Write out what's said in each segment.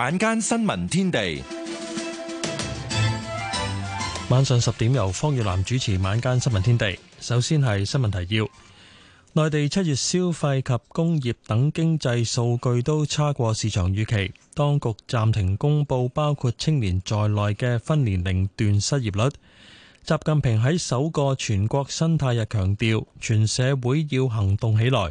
晚間新聞天地，晚上十點由方月南主持。晚間新聞天地，首先係新聞提要。內地七月消費及工業等經濟數據都差過市場預期，當局暫停公布包括青年在內嘅分年齡段失業率。習近平喺首個全國生態日強調，全社會要行動起來。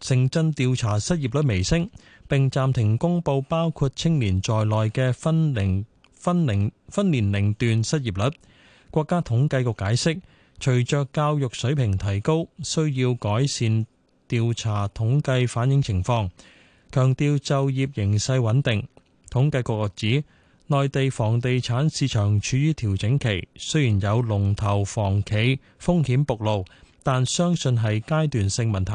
城鎮調查失業率微升，並暫停公佈包括青年在內嘅分齡、分齡分年齡段失業率。國家統計局解釋，隨着教育水平提高，需要改善調查統計反映情況。強調就業形勢穩定。統計局指，內地房地產市場處於調整期，雖然有龍頭房企風險暴露，但相信係階段性問題。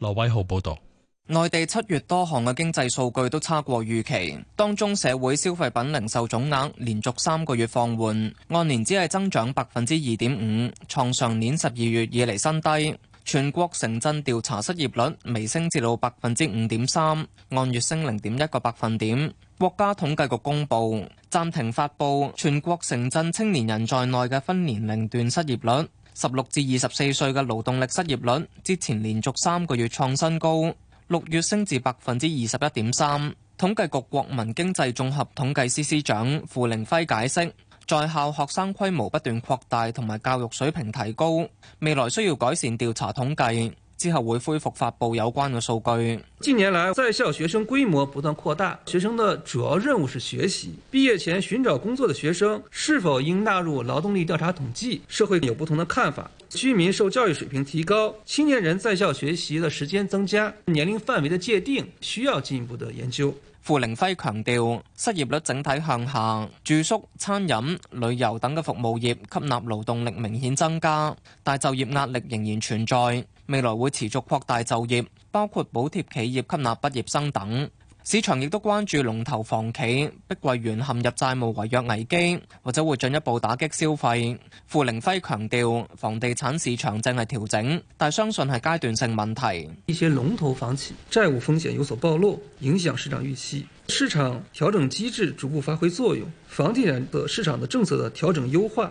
羅偉豪報道，內地七月多項嘅經濟數據都差過預期，當中社會消費品零售總額連續三個月放緩，按年只係增長百分之二點五，創上年十二月以嚟新低。全國城鎮調查失業率微升至到百分之五點三，按月升零點一個百分點。國家統計局公佈，暫停發佈全國城鎮青年人在內嘅分年齡段失業率。十六至二十四歲嘅勞動力失業率，之前連續三個月創新高，六月升至百分之二十一點三。統計局國民經濟綜合統計司司長傅凌輝解釋，在校學生規模不斷擴大同埋教育水平提高，未來需要改善調查統計。之後會恢復發布有關的數據。近年來，在校學生規模不斷擴大，學生的主要任務是學習。畢業前尋找工作的學生是否應納入勞動力調查統計，社會有不同的看法。居民受教育水平提高，青年人在校學習的時間增加，年齡範圍的界定需要進一步的研究。傅凌輝強調，失業率整體向下，住宿、餐飲、旅遊等嘅服務業吸納勞動力明顯增加，但就業壓力仍然存在。未來會持續擴大就業，包括補貼企業吸納畢業生等。市場亦都關注龍頭房企碧桂園陷入債務違約危機，或者會進一步打擊消費。傅凌輝強調，房地產市場正係調整，但相信係階段性問題。一些龍頭房企債務風險有所暴露，影響市場預期。市場調整機制逐步發揮作用，房地產的市場的政策的調整優化。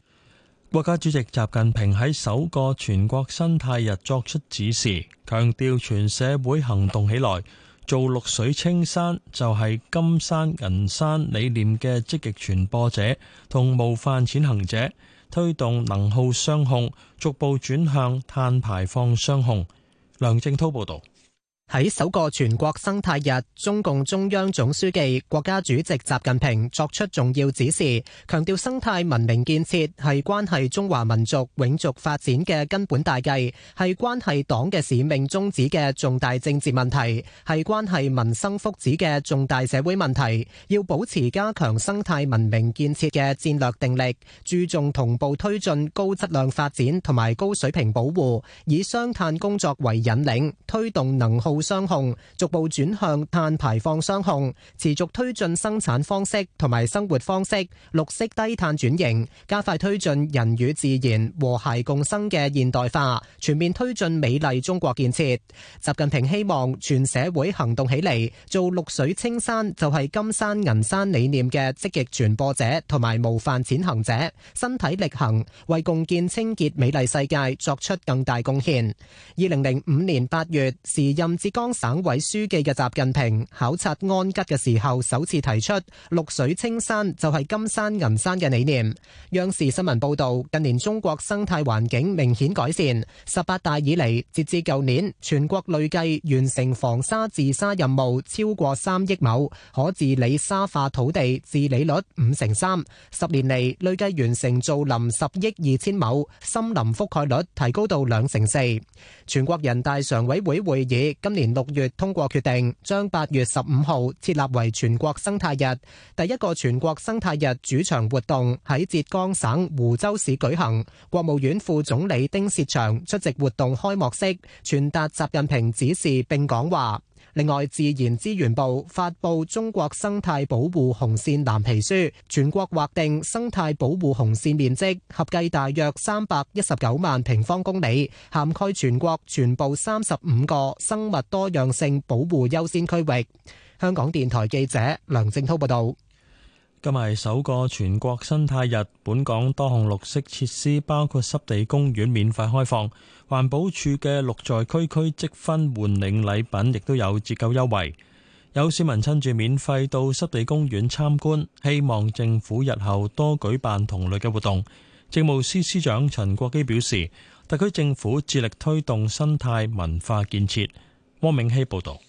國家主席習近平喺首個全國生態日作出指示，強調全社會行動起來，做綠水青山就係金山銀山理念嘅積極傳播者同模範踐行者，推動能耗雙控逐步轉向碳排放雙控。梁正滔報導。喺首個全國生態日，中共中央總書記、國家主席習近平作出重要指示，強調生態文明建設係關係中華民族永續發展嘅根本大計，係關係黨嘅使命宗旨嘅重大政治問題，係關係民生福祉嘅重大社會問題，要保持加強生態文明建設嘅戰略定力，注重同步推進高質量發展同埋高水平保護，以雙碳工作為引領，推動能耗雙控逐步轉向碳排放雙控，持續推進生產方式同埋生活方式綠色低碳轉型，加快推進人與自然和諧共生嘅現代化，全面推進美麗中國建設。習近平希望全社會行動起嚟，做綠水青山就係金山銀山理念嘅積極傳播者同埋模範踐行者，身體力行，為共建清潔美麗世界作出更大貢獻。二零零五年八月，時任浙江省委書記嘅習近平考察安吉嘅時候，首次提出綠水青山就係金山銀山嘅理念。央視新聞報道，近年中國生態環境明顯改善。十八大以嚟，截至舊年，全國累計完成防沙治沙任務超過三億畝，可治理沙化土地治理率五成三。十年嚟累計完成造林十億二千畝，森林覆蓋率提高到兩成四。全國人大常委會會議今年年六月通過決定，將八月十五號設立為全國生態日。第一個全國生態日主場活動喺浙江省湖州市舉行，國務院副總理丁薛祥出席活動開幕式，傳達習近平指示並講話。另外，自然資源部發布《中國生態保護紅線藍皮書》，全國劃定生態保護紅線面積合計大約三百一十九萬平方公里，涵蓋全國全部三十五個生物多樣性保護優先區域。香港電台記者梁正滔報道。今日係首個全國生態日，本港多項綠色設施，包括濕地公園免費開放，環保署嘅綠在區區積分換領禮品亦都有折扣優惠。有市民趁住免費到濕地公園參觀，希望政府日後多舉辦同類嘅活動。政務司司長陳國基表示，特區政府致力推動生態文化建設。汪明希報道。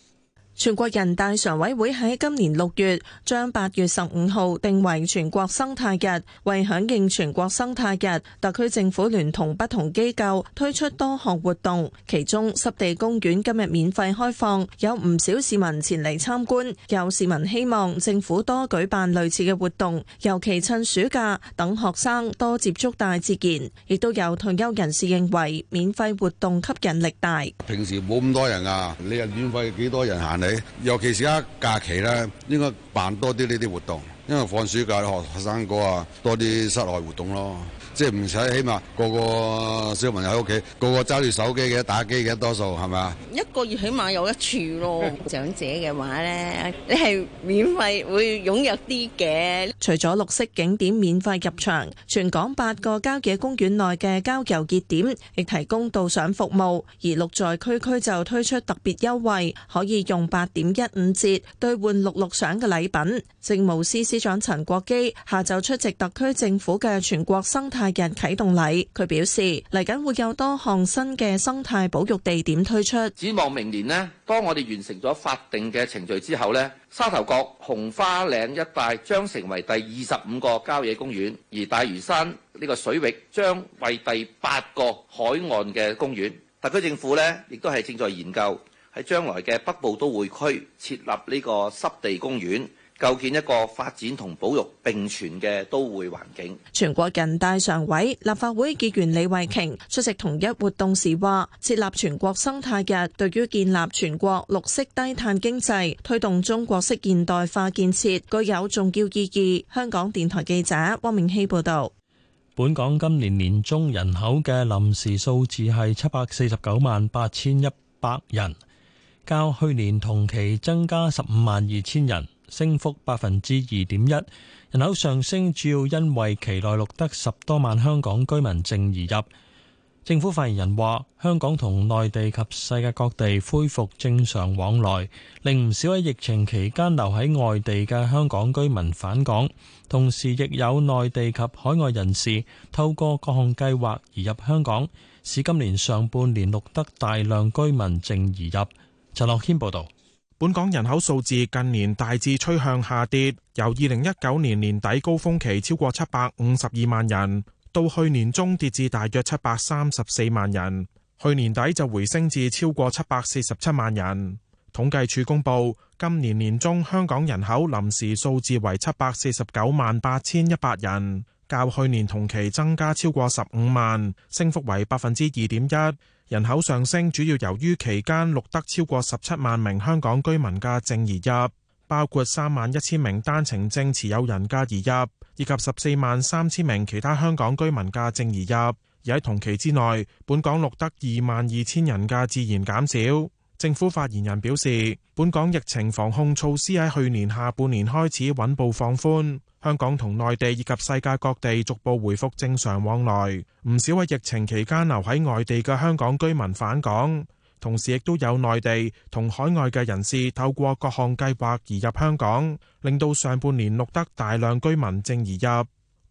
全國人大常委會喺今年六月將八月十五號定為全國生態日。為響應全國生態日，特區政府聯同不同機構推出多項活動。其中濕地公園今日免費開放，有唔少市民前嚟參觀。有市民希望政府多舉辦類似嘅活動，尤其趁暑假等學生多接觸大自然。亦都有退休人士認為，免費活動吸引力大。平時冇咁多人啊，你又免費，幾多人行嚟？尤其是而家假期咧，應該辦多啲呢啲活動，因為放暑假啲學學生哥啊，多啲室內活動咯。即係唔使，起碼個個小朋友喺屋企，個個揸住手機嘅，打機嘅多數係咪啊？一個月起碼有一次咯。長者嘅話咧，你係免費會踴躍啲嘅。除咗綠色景點免費入場，全港八個郊野公園內嘅郊遊熱點亦提供導賞服務。而綠在區區就推出特別優惠，可以用八點一五折兌換綠綠賞嘅禮品。政務司司長陳國基下晝出席特區政府嘅全國生態。近日啟動禮，佢表示嚟緊會有多項新嘅生態保育地點推出。展望明年呢，當我哋完成咗法定嘅程序之後呢，沙頭角紅花嶺一帶將成為第二十五個郊野公園，而大嶼山呢個水域將為第八個海岸嘅公園，特區政府呢亦都係正在研究喺將來嘅北部都會區設立呢個濕地公園，構建一個發展同保育並存嘅都會環境。全國人大常委、立法會議，議員李慧瓊出席同一活動時話，設立全國生態日對於建立全國綠色低碳經濟、推動中國式現代化建設具有重要意義。香港電台記者汪明熙報導。本港今年年中人口嘅臨時數字係七百四十九萬八千一百人，較去年同期增加十五萬二千人。升幅百分之二點一。人口上升主要因為期內錄得十多萬香港居民淨移入。政府發言人話，香港同內地及世界各地恢復正常往來，令唔少喺疫情期間留喺外地嘅香港居民返港，同時亦有內地及海外人士透過各項計劃移而入香港，使今年上半年錄得大量居民淨移入。陳樂謙報道。本港人口數字近年大致趨向下跌，由二零一九年年底高峰期超過七百五十二萬人，到去年中跌至大約七百三十四萬人，去年底就回升至超過七百四十七萬人。統計處公布，今年年中香港人口臨時數字為七百四十九萬八千一百人，較去年同期增加超過十五萬，升幅為百分之二點一。人口上升主要由於期間錄得超過十七萬名香港居民嘅淨移入，包括三萬一千名單程證持有人嘅移入，以及十四萬三千名其他香港居民嘅淨移入。而喺同期之內，本港錄得二萬二千人嘅自然減少。政府發言人表示，本港疫情防控措施喺去年下半年開始穩步放寬。香港同內地以及世界各地逐步恢復正常往來，唔少喺疫情期間留喺外地嘅香港居民返港，同時亦都有內地同海外嘅人士透過各項計劃移入香港，令到上半年錄得大量居民正移入。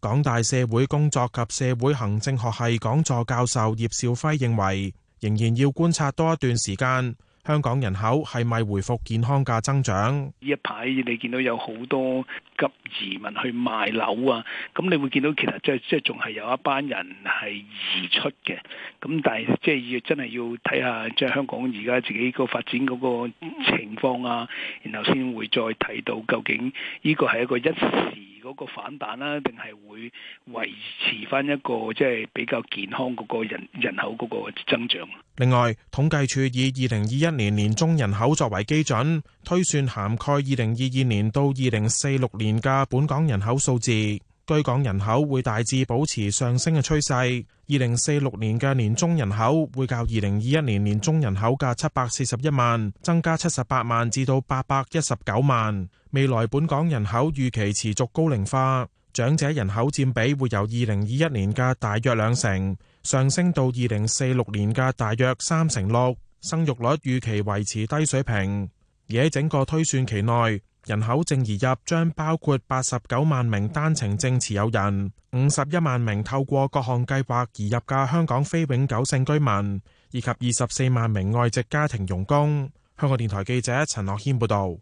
港大社會工作及社會行政學系講座教授葉兆輝認為，仍然要觀察多一段時間，香港人口係咪恢復健康嘅增長？呢一排你見到有好多，急移民去賣樓啊，咁你會見到其實即係即係仲係有一班人係移出嘅。咁但係即係要真係要睇下即係香港而家自己個發展嗰個情況啊，然後先會再睇到究竟呢個係一個一時嗰個反彈啦，啊，定係會維持翻一個即係比較健康嗰個人人口嗰個增長？另外，統計處以二零二一年年中人口作為基準。推算涵蓋二零二二年到二零四六年嘅本港人口數字，居港人口會大致保持上升嘅趨勢。二零四六年嘅年中人口會較二零二一年年中人口嘅七百四十一萬增加七十八萬至到八百一十九萬。未來本港人口預期持續高齡化，長者人口佔比會由二零二一年嘅大約兩成上升到二零四六年嘅大約三成六，生育率預期維持低水平。而喺整個推算期內，人口淨移入將包括八十九萬名單程證持有人、五十一萬名透過各項計劃移入嘅香港非永久性居民，以及二十四萬名外籍家庭傭工。香港電台記者陳樂軒報導。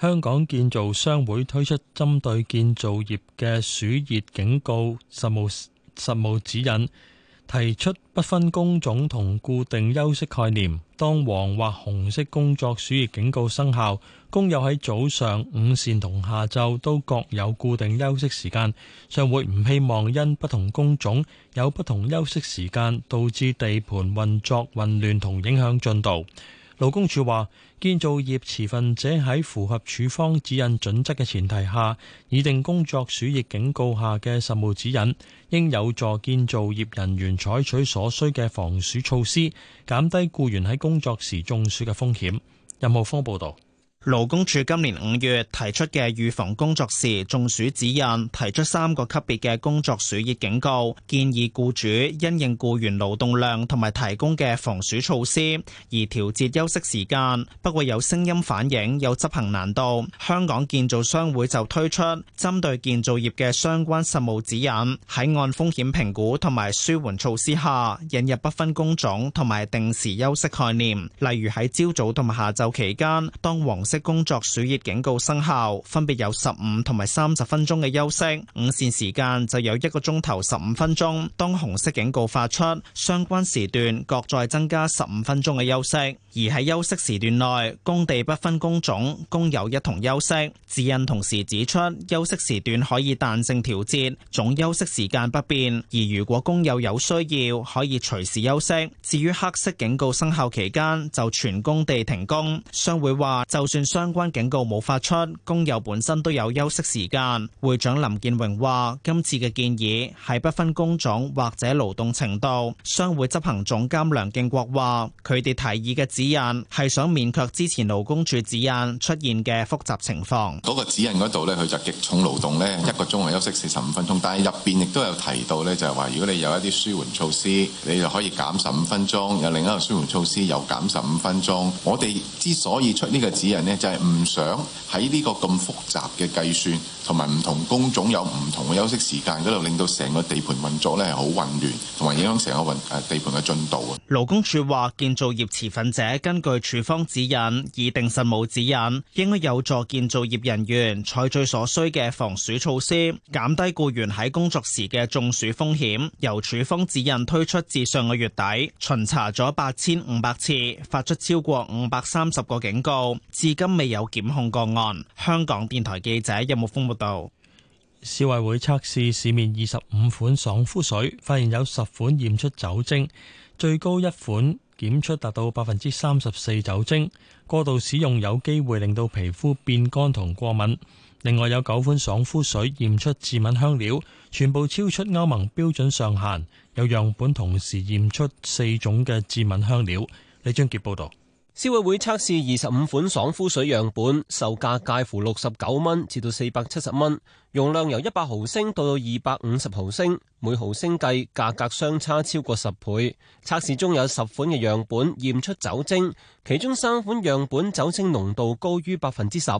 香港建造商會推出針對建造業嘅暑熱警告實務實務指引。提出不分工種同固定休息概念。當黃或紅色工作暑熱警告生效，工友喺早上、午膳同下晝都各有固定休息時間，商會唔希望因不同工種有不同休息時間導致地盤運作混亂同影響進度。勞工處話建造業持份者喺符合處方指引準則嘅前提下，擬定工作暑熱警告下嘅實務指引。應有助建造業人員採取所需嘅防暑措施，減低僱員喺工作時中暑嘅風險。任浩峰報道。勞工處今年五月提出嘅預防工作時中暑指引，提出三個級別嘅工作暑熱警告，建議僱主因應僱員勞動量同埋提供嘅防暑措施而調節休息時間。不過有聲音反映有執行難度。香港建造商會就推出針對建造業嘅相關實務指引，喺按風險評估同埋舒緩措施下，引入不分工種同埋定時休息概念，例如喺朝早同埋下晝期間當黃的工作暑熱警告生效，分別有十五同埋三十分鐘嘅休息，午膳時間就有一個鐘頭十五分鐘。當紅色警告發出，相關時段各再增加十五分鐘嘅休息。而喺休息時段內，工地不分工種，工友一同休息。指引同時指出，休息時段可以彈性調節，總休息時間不變。而如果工友有需要，可以隨時休息。至於黑色警告生效期間，就全工地停工。商會話，就算相關警告冇發出，工友本身都有休息時間。會長林建榮話：今次嘅建議係不分工種或者勞動程度。商會執行總監梁敬國話：佢哋提議嘅指引係想勉強之前勞工處指引出現嘅複雜情況。嗰個指引嗰度呢，佢就極重勞動咧，一個鐘係休息四十五分鐘，但係入邊亦都有提到呢，就係話如果你有一啲舒緩措施，你就可以減十五分鐘；有另一個舒緩措施又減十五分鐘。我哋之所以出呢個指引咧。就係唔想喺呢個咁複雜嘅計算。同埋唔同工種有唔同嘅休息時間，嗰度令到成個地盤運作咧係好混亂，同埋影響成個運誒地盤嘅進度啊！勞工處話，建造業持份者根據處方指引、擬定實務指引，應該有助建造業人員採取所需嘅防暑措施，減低僱員喺工作時嘅中暑風險。由處方指引推出至上個月底，巡查咗八千五百次，發出超過五百三十個警告，至今未有檢控個案。香港電台記者任木風。報消委會測試市面二十五款爽膚水，發現有十款驗出酒精，最高一款檢出達到百分之三十四酒精。過度使用有機會令到皮膚變乾同過敏。另外有九款爽膚水驗出致敏香料，全部超出歐盟標準上限。有樣本同時驗出四種嘅致敏香料。李章杰報道。消委會測試二十五款爽膚水樣本，售價介乎六十九蚊至到四百七十蚊。容量由一百毫升到到二百五十毫升，每毫升計價格相差超過十倍。測試中有十款嘅樣本驗出酒精，其中三款樣本酒精濃度高於百分之十，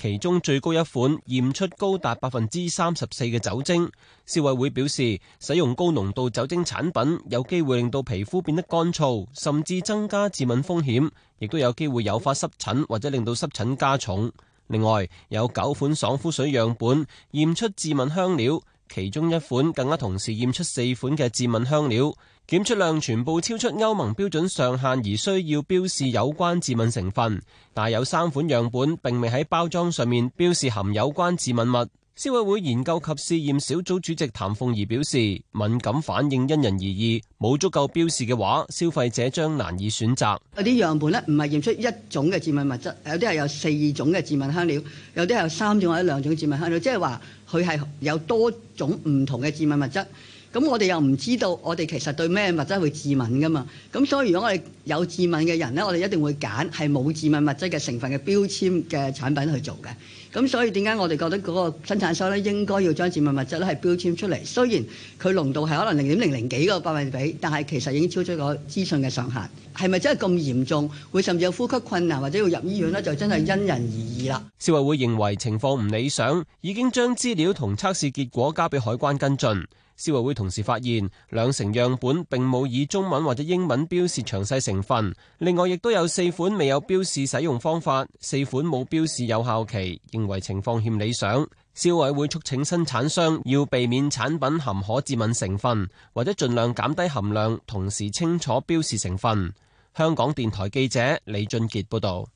其中最高一款驗出高達百分之三十四嘅酒精。消委會表示，使用高濃度酒精產品有機會令到皮膚變得乾燥，甚至增加致敏風險，亦都有機會誘發濕疹或者令到濕疹加重。另外，有九款爽膚水樣本驗出致敏香料，其中一款更加同時驗出四款嘅致敏香料，檢出量全部超出歐盟標準上限而需要標示有關致敏成分，但有三款樣本並未喺包裝上面標示含有關致敏物。消委會研究及試驗小組主席譚鳳儀表示，敏感反應因人而異，冇足夠標示嘅話，消費者將難以選擇。有啲樣本咧，唔係驗出一種嘅致敏物質，有啲係有四種嘅致敏香料，有啲係有三種或者兩種致敏香料，即係話佢係有多種唔同嘅致敏物質。咁我哋又唔知道，我哋其實對咩物質會致敏噶嘛？咁所以如果我哋有致敏嘅人咧，我哋一定會揀係冇致敏物質嘅成分嘅標籤嘅產品去做嘅。咁所以點解我哋覺得嗰個生產商咧，應該要將致癌物質咧，係標籤出嚟？雖然佢濃度係可能零點零零幾個百分比，但係其實已經超出咗資訊嘅上限。係咪真係咁嚴重？會甚至有呼吸困難或者要入醫院呢？就真係因人而異啦。消委會認為情況唔理想，已經將資料同測試結果交俾海關跟進。消委會同時發現兩成樣本並冇以中文或者英文標示詳細成分，另外亦都有四款未有標示使用方法，四款冇標示有效期。認為情況欠理想，消委會促請生產商要避免產品含可致敏成分，或者盡量減低含量，同時清楚標示成分。香港電台記者李俊杰報道。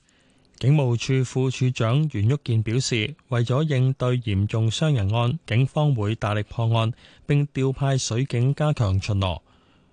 警務處副處長袁旭健表示，為咗應對嚴重傷人案，警方會大力破案，並調派水警加強巡邏。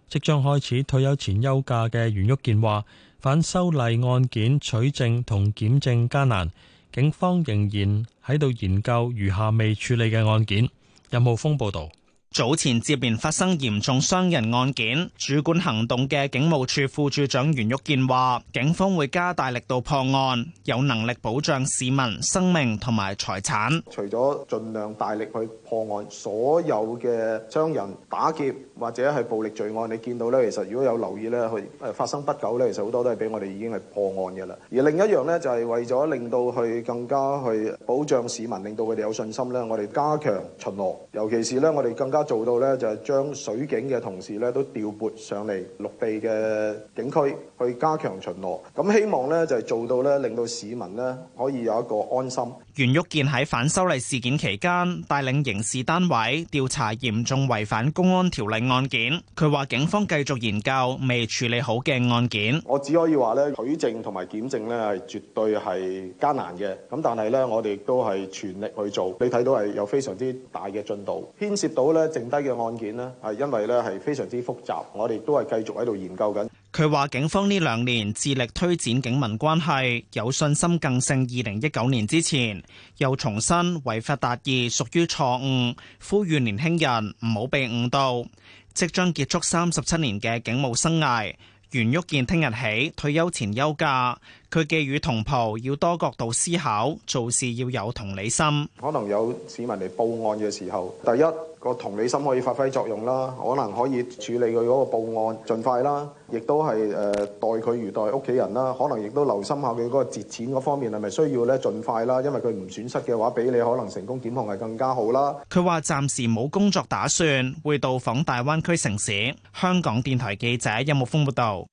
即將開始退休前休假嘅袁旭健話，反修例案件取證同檢證艱難。警方仍然喺度研究餘下未處理嘅案件。任浩峰報道。早前接連發生嚴重傷人案件，主管行動嘅警務處副處長袁玉健話警方會加大力度破案，有能力保障市民生命同埋財產。除咗盡量大力去破案，所有嘅傷人打劫或者係暴力罪案，你見到咧，其實如果有留意咧，發生不久咧，其實好多都係俾我哋已經係破案嘅啦。而另一樣就係為咗令到去更加去保障市民令到佢哋有信心咧，我哋加強巡邏，尤其是咧，我哋更加做到咧就係將水警嘅同事咧都調撥上嚟陸地嘅景區去加強巡邏。咁希望咧就係做到咧令到市民咧可以有一個安心。袁旭健喺反修例事件期間帶領刑事單位調查嚴重違反公安條例案件。佢話警方繼續研究未處理好嘅案件。我只可以話咧取證同埋檢證咧係絕對係艱難嘅。咁但係咧我哋都係全力去做。你睇到係有非常之大嘅進度，牽涉到咧剩低嘅案件呢，係因為咧係非常之複雜，我哋都係繼續喺度研究緊。佢話：警方呢兩年致力推展警民關係，有信心更勝二零一九年之前。又重申違法達義屬於錯誤，呼籲年輕人唔好被誤導。即將結束三十七年嘅警務生涯，袁旭健聽日起退休前休假。佢寄語同袍要多角度思考，做事要有同理心。可能有市民嚟報案嘅時候，第一個同理心可以發揮作用啦，可能可以處理佢嗰個報案盡快啦，亦都係誒待佢如待屋企人啦。可能亦都留心下佢嗰個截錢嗰方面係咪需要咧盡快啦，因為佢唔損失嘅話，比你可能成功檢控係更加好啦。佢話暫時冇工作打算，會到訪大灣區城市。香港電台記者邱木鋒報道。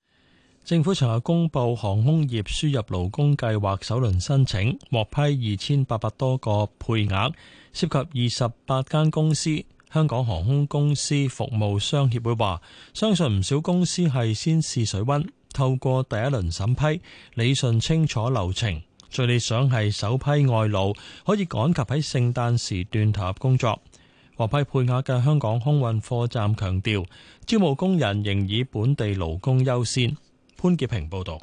政府昨日公布航空業輸入勞工計劃首輪申請獲批二千八百多個配額，涉及二十八間公司。香港航空公司服務商協會話，相信唔少公司係先試水溫，透過第一輪審批理順清楚流程。最理想係首批外勞可以趕及喺聖誕時段投入工作。獲批配額嘅香港空運貨站強調，招募工人仍以本地勞工優先。潘潔平報道，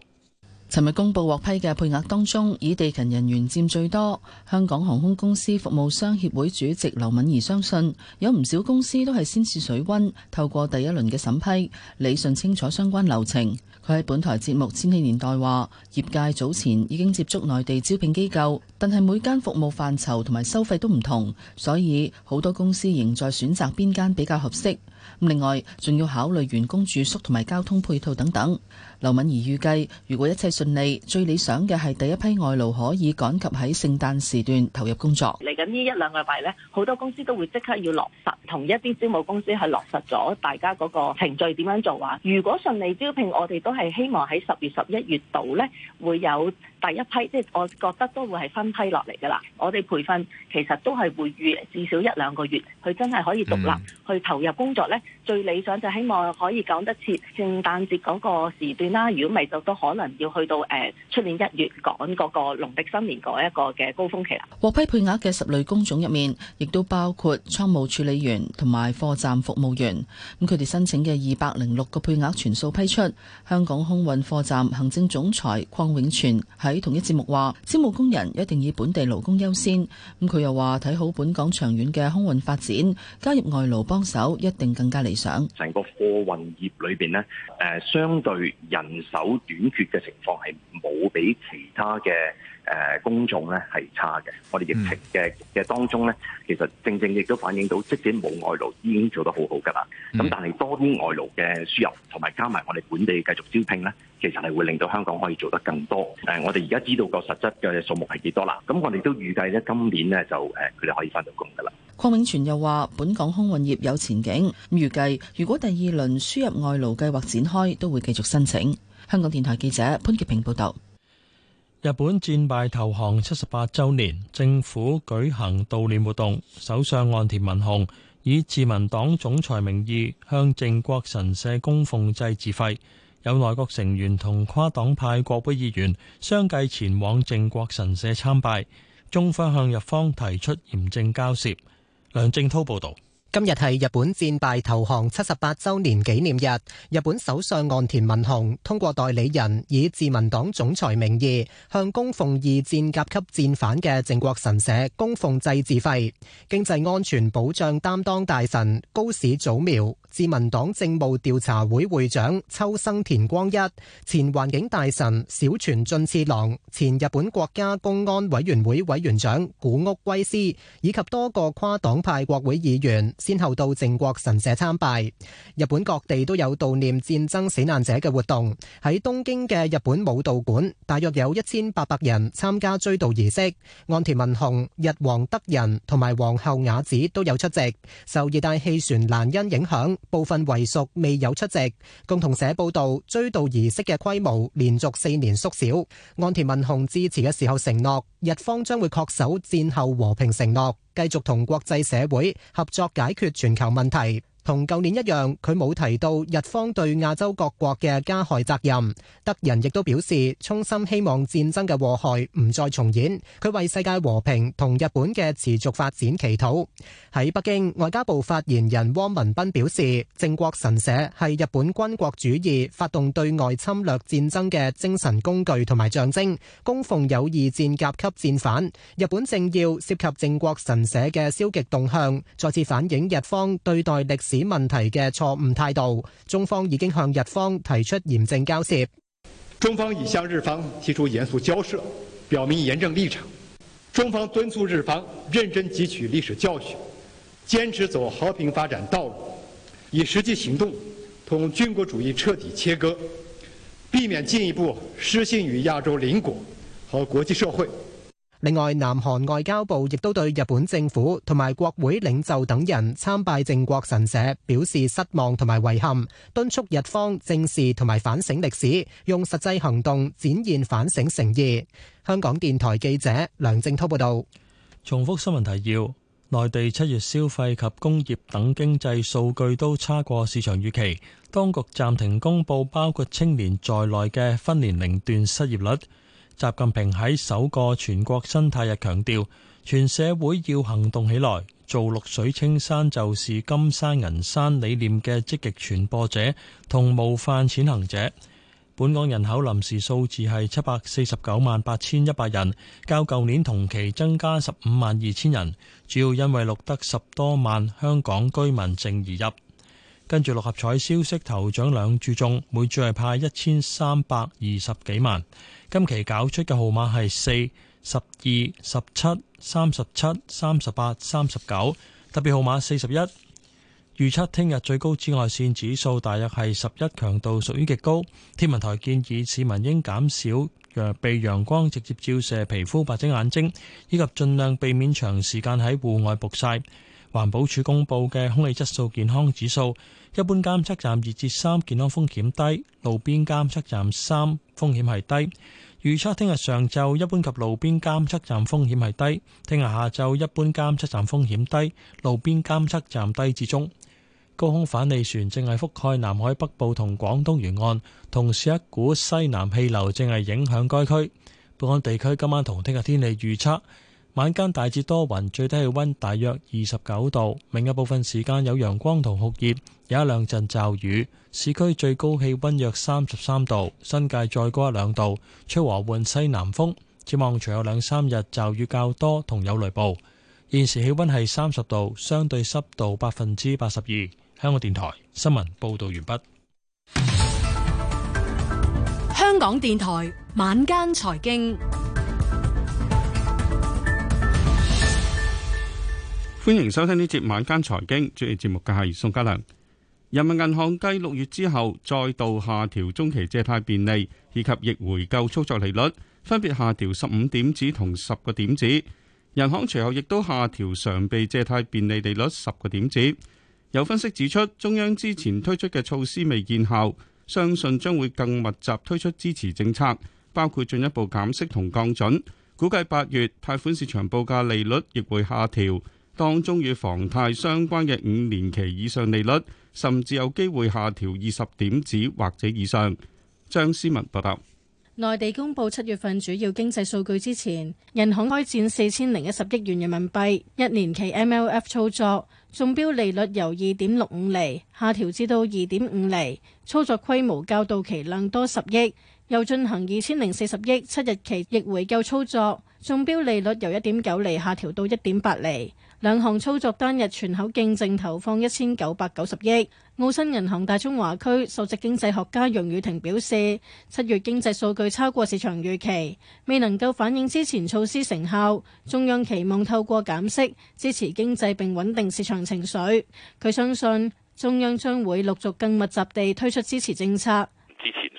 尋日公布獲批嘅配額當中，以地勤人員占最多。香港航空公司服務商協會主席劉敏儀相信，有唔少公司都係先試水温，透過第一輪嘅審批，理順清楚相關流程。佢喺本台節目《千禧年代》話，業界早前已經接觸內地招聘機構，但係每間服務範疇同埋收費都唔同，所以好多公司仍在選擇邊間比較合適。另外，仲要考慮員工住宿同埋交通配套等等。劉敏儀預計，如果一切順利，最理想嘅係第一批外勞可以趕及喺聖誕時段投入工作。嚟緊呢一兩個月呢，好多公司都會即刻要落實，同一啲招募公司係落實咗大家嗰個程序點樣做啊！如果順利招聘，我哋都係希望喺十月十一月度呢，會有第一批，即係我覺得都會係分批落嚟㗎喇。我哋培訓其實都係會預至少一兩個月，佢真係可以獨立去投入工作呢。最理想就希望可以講得切，聖誕節嗰個時段啦，如果唔係就都可能要去到誒出年一月趕嗰個農曆新年嗰一個嘅高峰期啦。獲批配額嘅十類工種入面，亦都包括倉務處理員同埋貨站服務員，咁佢哋申請嘅二百零六個配額全數批出。香港空運貨站行政總裁鄺永全喺同一節目話，招募工人一定以本地勞工優先。咁佢又話睇好本港長遠嘅空運發展，加入外勞幫手一定更理想，成個貨運業裏邊咧，誒、呃、相對人手短缺嘅情況係冇比其他嘅誒公眾咧係差嘅。我哋疫情嘅嘅當中咧，其實正正亦都反映到，即使冇外勞已經做得好好噶啦。咁但係多啲外勞嘅輸入，同埋加埋我哋本地繼續招聘咧，其實係會令到香港可以做得更多。誒、呃，我哋而家知道個實質嘅數目係幾多啦？咁我哋都預計咧，今年咧就誒佢哋可以返到工噶啦。鄺永全又話：本港空運業有前景，咁預計如果第二輪輸入外勞計劃展開，都會繼續申請。香港電台記者潘潔平報道。日本戰敗投降七十八週年，政府舉行悼念活動。首相岸田文雄以自民黨總裁名義向靖國神社供奉祭祀費，有內閣成員同跨黨派國會議員相繼前往靖國神社參拜。中方向日方提出嚴正交涉。梁正濤報道，今日係日本戰敗投降七十八周年紀念日，日本首相岸田文雄通過代理人以自民黨總裁名義向供奉二戰甲級戰犯嘅靖國神社供奉祭祀費，經濟安全保障擔當大臣高市早苗、自民黨政務調查會會長秋生田光一、前環境大臣小泉進次郎、前日本國家公安委員會委員長古屋圭司，以及多個跨黨派國會議員，先後到靖國神社參拜。日本各地都有悼念戰爭死難者嘅活動。喺東京嘅日本武道館，大約有一千八百人參加追悼儀式。岸田文雄、日皇德仁同埋皇后雅子都有出席。受熱帶氣旋蘭恩影響，部分遺屬未有出席。共同社報道，追悼儀式嘅規模連續四年縮小。岸田文雄致辭嘅時候承諾，日方將會恪守戰後和平承諾，繼續同國際社會合作解決全球問題。同舊年一樣，佢冇提到日方對亞洲各國嘅加害責任。德仁亦都表示，衷心希望戰爭嘅禍害唔再重演。佢為世界和平同日本嘅持續發展祈禱。喺北京，外交部發言人汪文斌表示，靖國神社係日本軍國主義發動對外侵略戰爭嘅精神工具同埋象徵，供奉有二戰甲級戰犯。日本政要涉及靖國神社嘅消極動向，再次反映日方對待歷史此問題嘅錯誤態度，中方已經向日方提出嚴正交涉。中方已向日方提出嚴肅交涉，表明嚴正立場。中方敦促日方認真汲取歷史教訓，堅持走和平發展道路，以實際行動同軍國主義徹底切割，避免進一步失信於亞洲鄰國和國際社會。另外，南韓外交部亦都對日本政府同埋國會領袖等人參拜靖國神社表示失望同埋遺憾，敦促日方正視同埋反省歷史，用實際行動展現反省誠意。香港電台記者梁正滔報道：「重複新聞提要，內地七月消費及工業等經濟數據都差過市場預期，當局暫停公佈包括青年在內嘅分年齡段失業率。習近平喺首個全國生態日強調，全社會要行動起來，做綠水青山就是金山銀山理念嘅積極傳播者同模範踐行者。本港人口臨時數字係七百四十九萬八千一百人，較舊年同期增加十五萬二千人，主要因為錄得十多萬香港居民證而入。跟住六合彩消息，頭獎兩注中，每注係派一千三百二十幾萬。今期搞出嘅號碼係四、十二、十七、三十七、三十八、三十九，特別號碼四十一。預測聽日最高紫外線指數大約係十一，強度屬於極高。天文台建議市民應減少被陽光直接照射皮膚或者眼睛，以及盡量避免長時間喺戶外曝曬。環保署公布嘅空氣質素健康指數，一般監測站二至三，健康風險低；路邊監測站三，風險係低。預測聽日上晝一般及路邊監測站風險係低，聽日下晝一般監測站風險低，路邊監測站低至中。高空反氣旋正係覆蓋南海北部同廣東沿岸，同時一股西南氣流正係影響該區。本港地區今晚同聽日天氣預測。晚間大致多雲，最低氣溫大約二十九度。明日部分時間有陽光同酷熱，有一兩陣驟雨。市區最高氣溫約三十三度，新界再高一兩度。吹和緩西南風，展望隨後兩三日驟雨較多同有雷暴。現時氣溫係三十度，相對濕度百分之八十二。香港電台新聞報道完畢。香港電台晚間財經。歡迎收聽呢節晚間財經，主持節目嘅係宋家良。人民銀行繼六月之後再度下調中期借貸便利，以及逆回購操作利率，分別下調十五點子同十個點子。銀行隨後亦都下調常備借貸便利利率十個點子。有分析指出，中央之前推出嘅措施未見效，相信將會更密集推出支持政策，包括進一步減息同降準。估計八月貸款市場報價利率亦會下調。當中與房貸相關嘅五年期以上利率，甚至有機會下調二十點子或者以上。張思文報道。內地公布七月份主要經濟數據之前，銀行開展四千零一十億元人民幣一年期 MLF 操作，中標利率由二點六五厘下調至到二點五厘，操作規模較到期量多十億。又進行二千零四十億七日期逆回購操作，中標利率由一點九厘下調到一點八厘。兩項操作單日全口徑淨投放一千九百九十億。澳新銀行大中華區首席經濟學家楊宇霆表示，七月經濟數據超過市場預期，未能夠反映之前措施成效。中央期望透過減息支持經濟並穩定市場情緒。佢相信中央將會陸續更密集地推出支持政策。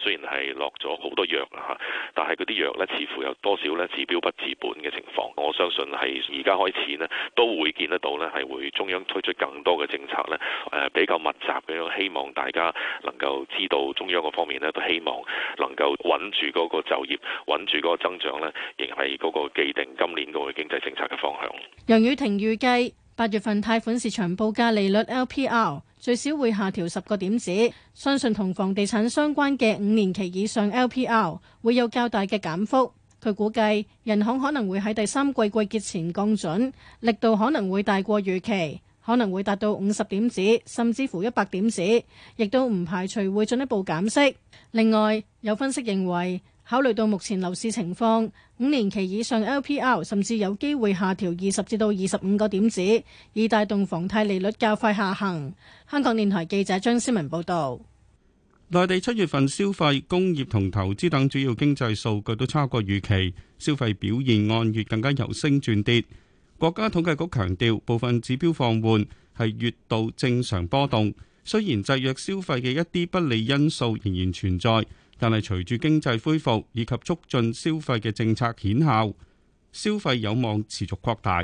雖然係落咗好多藥啊，但係嗰啲藥呢，似乎有多少呢？治標不治本嘅情況。我相信係而家開始呢，都會見得到呢，係會中央推出更多嘅政策呢，誒、呃、比較密集嘅，希望大家能夠知道中央嗰方面呢，都希望能夠穩住嗰個就業，穩住嗰個增長呢，仍係嗰個既定今年嗰個經濟政策嘅方向。楊雨婷預計八月份貸款市場報價利率 LPR。最少會下調十個點子，相信同房地產相關嘅五年期以上 LPR 會有較大嘅減幅。佢估計人行可能會喺第三季季結前降準，力度可能會大過預期，可能會達到五十點子，甚至乎一百點子，亦都唔排除會進一步減息。另外，有分析認為，考慮到目前樓市情況，五年期以上 LPR 甚至有機會下調二十至到二十五個點子，以帶動房貸利率較快下行。香港電台記者張思文報道，內地七月份消費、工業同投資等主要經濟數據都差過預期，消費表現按月更加由升轉跌。國家統計局強調部分指標放緩，係月度正常波動，雖然制約消費嘅一啲不利因素仍然存在。但係隨住經濟恢復以及促進消費嘅政策顯效，消費有望持續擴大。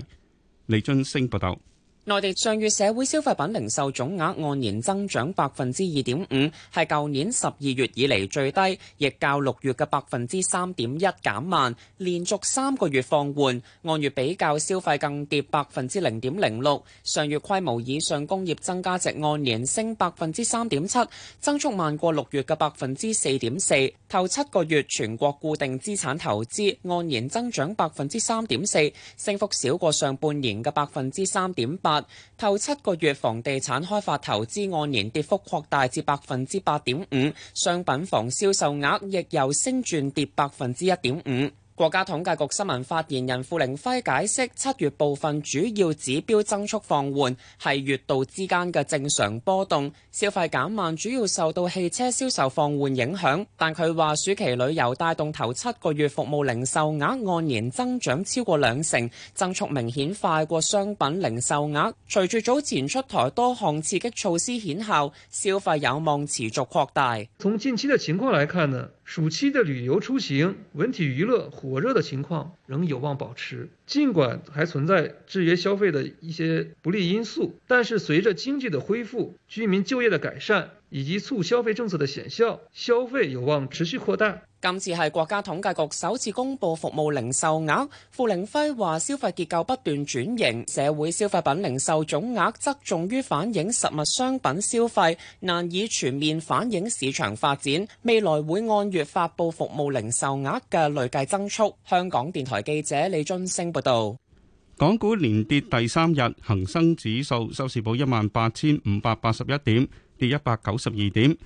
李俊升報道。內地上月社會消費品零售總額按年增長百分之二點五，係舊年十二月以嚟最低，亦較六月嘅百分之三點一減慢，連續三個月放緩。按月比較，消費更跌百分之零點零六。上月規模以上工業增加值按年升百分之三點七，增速慢過六月嘅百分之四點四。頭七個月全國固定資產投資按年增長百分之三點四，升幅少過上半年嘅百分之三點八。頭七個月，房地產開發投資按年跌幅擴大至百分之八點五，商品房銷售額亦由升轉跌百分之一點五。國家統計局新聞發言人傅玲輝解釋，七月部分主要指標增速放緩係月度之間嘅正常波動。消費減慢主要受到汽車銷售放緩影響，但佢話暑期旅遊帶動頭七個月服務零售額按年增長超過兩成，增速明顯快過商品零售額。隨住早前出台多項刺激措施顯效，消費有望持續擴大。從近期嘅情況來看呢，暑期的旅遊出行、文體娛樂火熱的情況仍有望保持。儘管還存在制約消費的一些不利因素，但是隨着經濟的恢復、居民就業的改善以及促消費政策的顯效，消費有望持續擴大。今次係國家統計局首次公布服務零售額。付凌輝話：消費結構不斷轉型，社會消費品零售總額側重於反映實物商品消費，難以全面反映市場發展。未來會按月發布服務零售額嘅累計增速。香港電台記者李俊升報。港股連跌第三日，恒生指數收市報一萬八千五百八十一點，跌一百九十二點。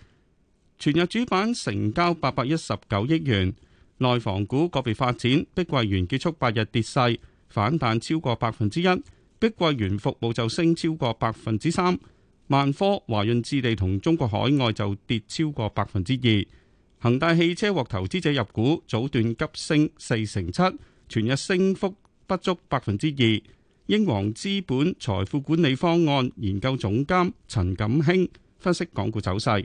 全日主板成交八百一十九億元。內房股個別發展，碧桂園結束八日跌勢，反彈超過百分之一；碧桂園服務就升超過百分之三。萬科、華潤置地同中國海外就跌超過百分之二。恒大汽車獲投資者入股，早段急升四成七，全日升幅，不足百分之二，英皇資本財富管理方案研究總監陳錦興分析港股走勢。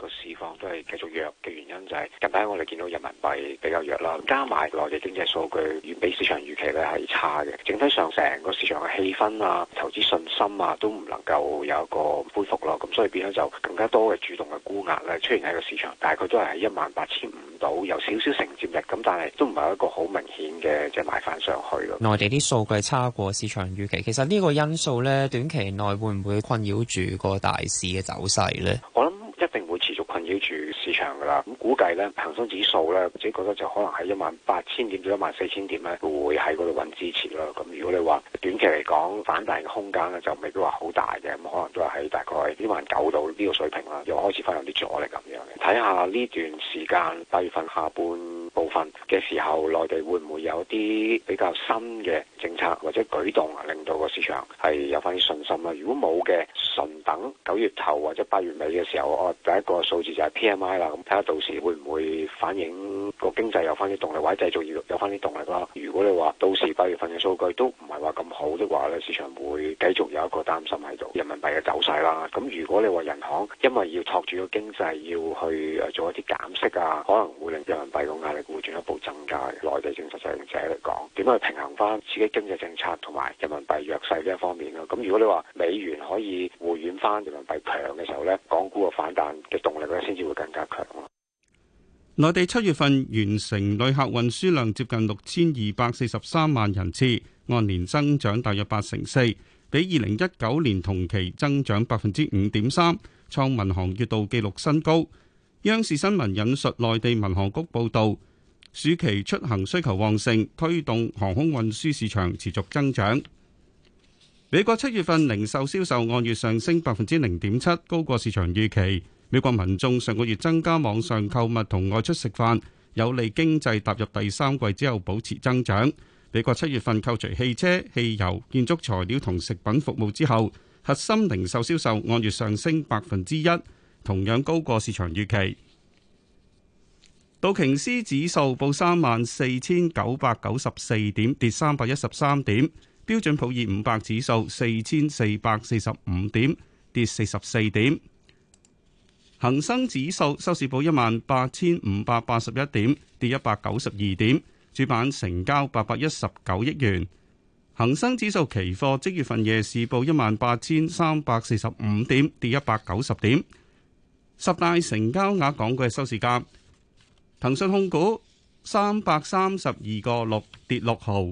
個市況都係繼續弱嘅原因就係近排我哋見到人民幣比較弱啦，加埋內地經濟數據遠比市場預期咧係差嘅，整體上成個市場嘅氣氛啊、投資信心啊都唔能夠有一個恢復咯，咁所以變咗就更加多嘅主動嘅沽壓咧出現喺個市場，大概都係一萬八千五到，有少少承接力，咁但係都唔係一個好明顯嘅即係買翻上去咯。內地啲數據差過市場預期，其實呢個因素咧短期內會唔會困擾住個大市嘅走勢咧？困擾住市場㗎啦，咁估計咧，恒生指數咧，我自己覺得就可能喺一萬八千點到一萬四千點咧，會喺嗰度揾支持咯。咁如果你話短期嚟講反彈嘅空間咧，就未必話好大嘅，咁可能都係喺大概一萬九度呢個水平啦，又開始發現啲阻力咁樣嘅。睇下呢段時間八月份下半嘅時候，內地會唔會有啲比較新嘅政策或者舉動，令到個市場係有翻啲信心咧？如果冇嘅，純等九月頭或者八月尾嘅時候，我第一個數字就係 PMI 啦。咁睇下到時會唔會反映個經濟有翻啲動力，或者製造業有翻啲動力啦？如果你話到時八月份嘅數據都唔係話咁好嘅話咧，市場會繼續有一個擔心喺度，人民幣嘅走勢啦。咁如果你話銀行因為要托住個經濟，要去做一啲減息啊，可能會令人民幣個壓力進一步增加內地政策制定者嚟講，點樣去平衡翻自己經濟政策同埋人民幣弱勢呢？一方面咯，咁如果你話美元可以回軟翻，人民幣強嘅時候呢，港股嘅反彈嘅動力咧，先至會更加強咯。內地七月份完成旅客運輸量接近六千二百四十三萬人次，按年增長大約八成四，比二零一九年同期增長百分之五點三，創民航月度紀錄新高。央視新聞引述內地民航局報道。暑期出行需求旺盛，推動航空運輸市場持續增長。美國七月份零售銷售按月上升百分之零點七，高過市場預期。美國民眾上個月增加網上購物同外出食飯，有利經濟踏入第三季之後保持增長。美國七月份扣除汽車、汽油、建築材料同食品服務之後，核心零售銷售按月上升百分之一，同樣高過市場預期。道瓊斯指數報三萬四千九百九十四點，跌三百一十三點；標準普爾五百指數四千四百四十五點，跌四十四點；恒生指數收市報一萬八千五百八十一點，跌一百九十二點。主板成交八百一十九億元。恒生指數期貨即月份夜市報一萬八千三百四十五點，跌一百九十點。十大成交額港股嘅收市價。騰訊控股三百三十二個六跌六毫，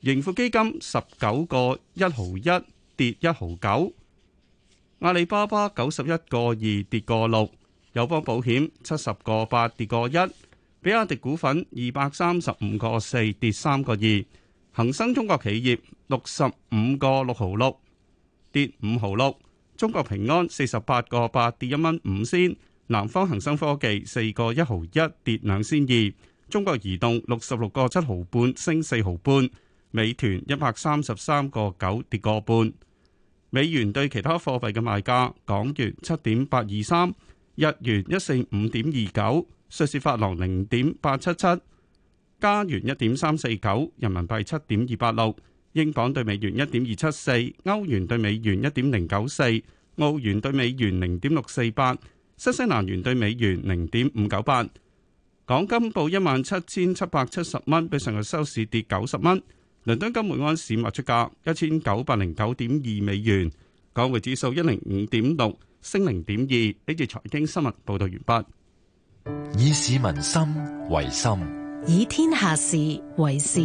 盈富基金十九個一毫一跌一毫九，阿里巴巴九十一個二跌個六，友邦保險七十個八跌個一，比亞迪股份二百三十五個四跌三個二，恒生中國企業六十五個六毫六跌五毫六，中國平安四十八個八跌一蚊五先。南方恒生科技四個一毫一跌兩仙二，中國移動六十六個七毫半升四毫半，美團一百三十三個九跌個半。美元對其他貨幣嘅賣價：港元七點八二三，日元一四五點二九，瑞士法郎零點八七七，加元一點三四九，人民幣七點二八六，英鎊對美元一點二七四，歐元對美元一點零九四，澳元對美元零點六四八。新西蘭元對美元零點五九八，港金報一萬七千七百七十蚊，比上日收市跌九十蚊。倫敦金每安士賣出價一千九百零九點二美元，港匯指數一零五點六升零點二。呢段財經新聞報道完畢。以市民心為心，以天下事為事。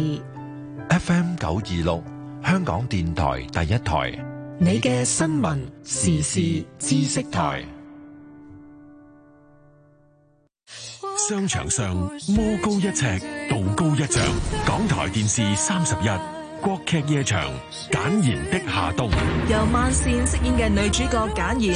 FM 九二六，香港電台第一台，你嘅新聞時事知識台。商場上魔高一尺，道高一丈。港台電視三十一，國劇夜場，簡言的夏冬，由萬茜飾演嘅女主角簡言，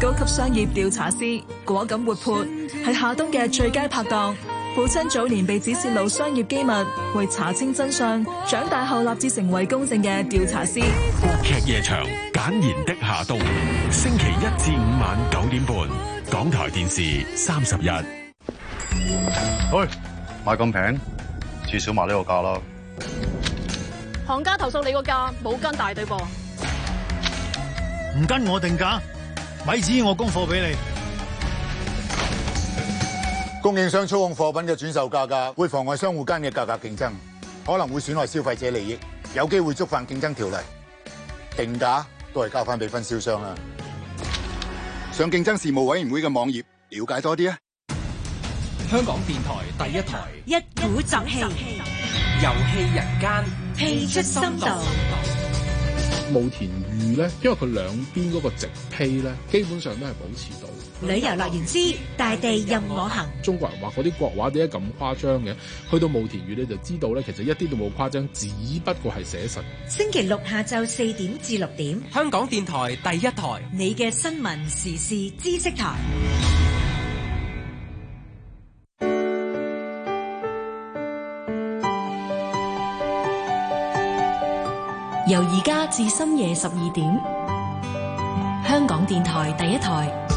高級商業調查師，果敢活潑，係夏冬嘅最佳拍檔。父親早年被指洩露商業機密，為查清真相，長大後立志成為公正嘅調查師。國劇夜場，簡言的夏冬，星期一至五晚九點半，港台電視三十一。去賣咁平，至少賣呢個價啦。行家投訴你個價冇跟大隊噃，唔跟我定價，咪指我供貨俾你。供應商操控貨品嘅轉售價格，會妨礙商戶間嘅價格競爭，可能會損害消費者利益，有機會觸犯競爭條例。定價都係交翻俾分銷商啦。上競爭事務委員會嘅網頁了解多啲啊！香港電台第一台，一鼓作氣，遊戲人間，氣出心度。慕田峪咧，因為佢兩邊嗰個直披咧，基本上都係保持到。旅遊樂言之大地任我行。中國人話嗰啲國畫點解咁誇張嘅？去到慕田峪你就知道咧，其實一啲都冇誇張，只不過係寫實。星期六下晝四點至六點，香港電台第一台，麼麼你嘅新聞時事知識台。由而家至深夜十二點，香港電台第一台。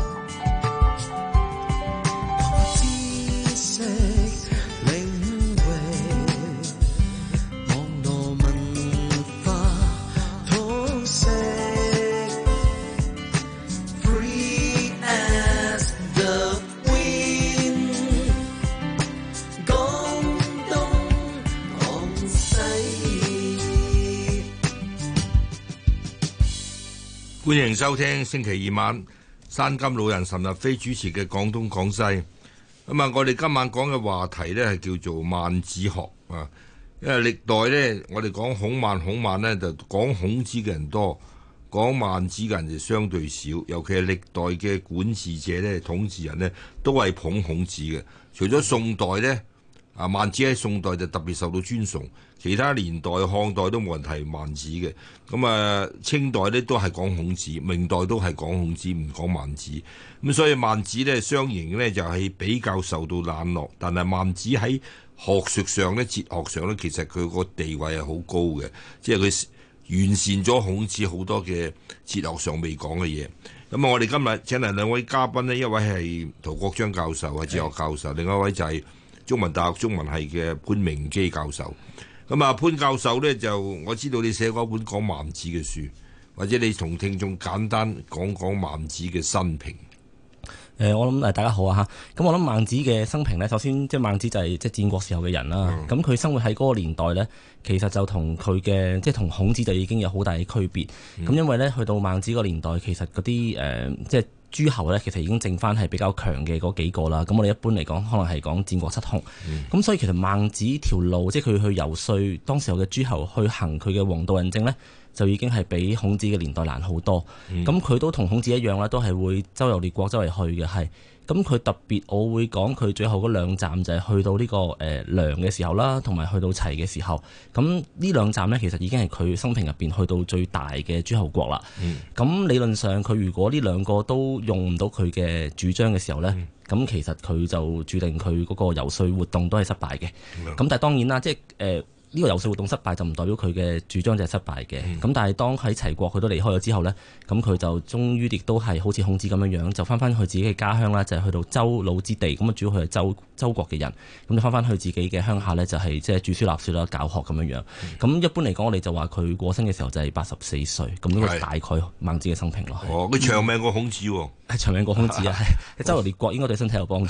歡迎收聽星期二晚山金老人陳立飛主持嘅廣東廣西咁啊、嗯！我哋今晚講嘅話題呢係叫做孟子學啊，因為歷代呢，我哋講孔孟孔孟呢就講孔子嘅人多，講孟子嘅人，人就相對少，尤其係歷代嘅管治者呢、統治人呢，都係捧孔子嘅，除咗宋代呢。啊！孟子喺宋代就特別受到尊崇，其他年代、漢代都冇人提孟子嘅。咁、嗯、啊，清代咧都係講孔子，明代都係講孔子，唔講孟子。咁、嗯、所以孟子咧，相形咧就係、是、比較受到冷落。但係孟子喺學術上咧、哲學上咧，其實佢個地位係好高嘅，即係佢完善咗孔子好多嘅哲學上未講嘅嘢。咁、嗯、啊，我哋今日請嚟兩位嘉賓呢，一位係陶國章教授啊，或者哲學教授，另外一位就係、是。中文大學中文系嘅潘明基教授，咁啊潘教授呢，就我知道你寫過一本講孟子嘅書，或者你同聽眾簡單講講孟子嘅、呃呃啊、生平。誒，我諗誒大家好啊嚇，咁我諗孟子嘅生平呢，首先即係孟子就係即係戰國時候嘅人啦，咁佢、嗯、生活喺嗰個年代呢，其實就同佢嘅即係同孔子就已經有好大嘅區別，咁、嗯、因為呢，去到孟子嗰個年代，其實嗰啲誒即係。諸侯咧其實已經剩翻係比較強嘅嗰幾個啦，咁我哋一般嚟講，可能係講戰國七雄，咁、嗯、所以其實孟子條路，即係佢去游說當時候嘅諸侯去行佢嘅王道仁政咧，就已經係比孔子嘅年代難好多，咁佢、嗯、都同孔子一樣啦，都係會周遊列國周圍去嘅係。咁佢特別，我會講佢最後嗰兩站就係去到呢、這個誒梁嘅時候啦，同埋去到齊嘅時候。咁呢兩站呢，其實已經係佢生平入邊去到最大嘅諸侯國啦。咁、嗯、理論上，佢如果呢兩個都用唔到佢嘅主張嘅時候呢，咁、嗯、其實佢就注定佢嗰個游說活動都係失敗嘅。咁、嗯、但係當然啦，即係誒。呃呢個遊說活動失敗就唔代表佢嘅主張就係失敗嘅，咁、嗯、但係當喺齊國佢都離開咗之後呢，咁佢就終於亦都係好似孔子咁樣樣，就翻翻去自己嘅家鄉啦，就係、是、去到周魯之地，咁啊主要佢係周周國嘅人，咁就翻翻去自己嘅鄉下呢，就係即係著書立說啦、教學咁樣樣。咁、嗯、一般嚟講，我哋就話佢過身嘅時候就係八十四歲，咁呢個大概孟子嘅生平咯。佢是是、哦、長命過孔子喎、哦，長命過孔子啊！ 周遊列國應該對身體有幫助。